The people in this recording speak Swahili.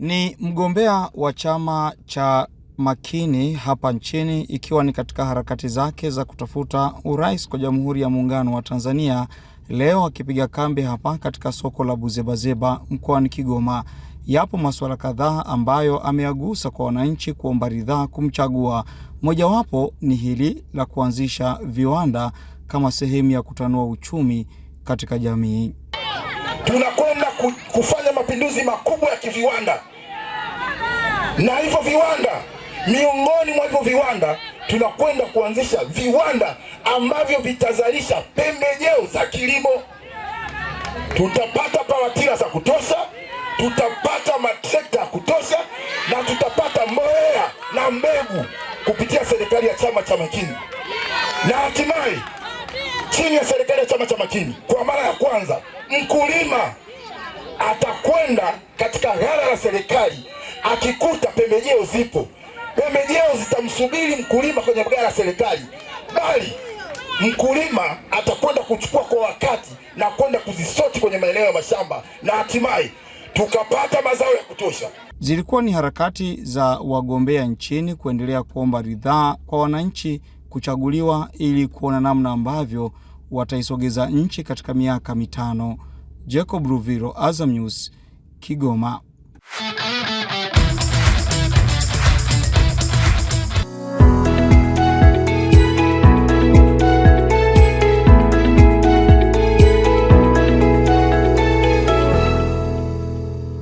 Ni mgombea wa chama cha Makini hapa nchini ikiwa ni katika harakati zake za kutafuta urais kwa Jamhuri ya Muungano wa Tanzania, leo akipiga kambi hapa katika soko la Buzebazeba mkoani Kigoma. Yapo masuala kadhaa ambayo ameyagusa kwa wananchi kuomba ridhaa kumchagua. Mojawapo ni hili la kuanzisha viwanda kama sehemu ya kutanua uchumi katika jamii tunakwenda kufanya mapinduzi makubwa ya kiviwanda, na hivyo viwanda, miongoni mwa hivyo viwanda tunakwenda kuanzisha viwanda ambavyo vitazalisha pembejeo za kilimo. Tutapata pawatila za kutosha, tutapata matrekta ya kutosha, na tutapata mbolea na mbegu kupitia serikali ya Chama cha makini na hatimaye chini ya serikali ya Chama cha Makini, kwa mara ya kwanza mkulima atakwenda katika ghala la serikali, akikuta pembejeo zipo, pembejeo zitamsubiri mkulima kwenye ghala la serikali, bali mkulima atakwenda kuchukua kwa wakati na kwenda kuzisoti kwenye maeneo ya mashamba na hatimaye tukapata mazao ya kutosha. Zilikuwa ni harakati za wagombea nchini kuendelea kuomba ridhaa kwa wananchi kuchaguliwa ili kuona namna ambavyo wataisogeza nchi katika miaka mitano. Jacob Ruviro, Azam News, Kigoma.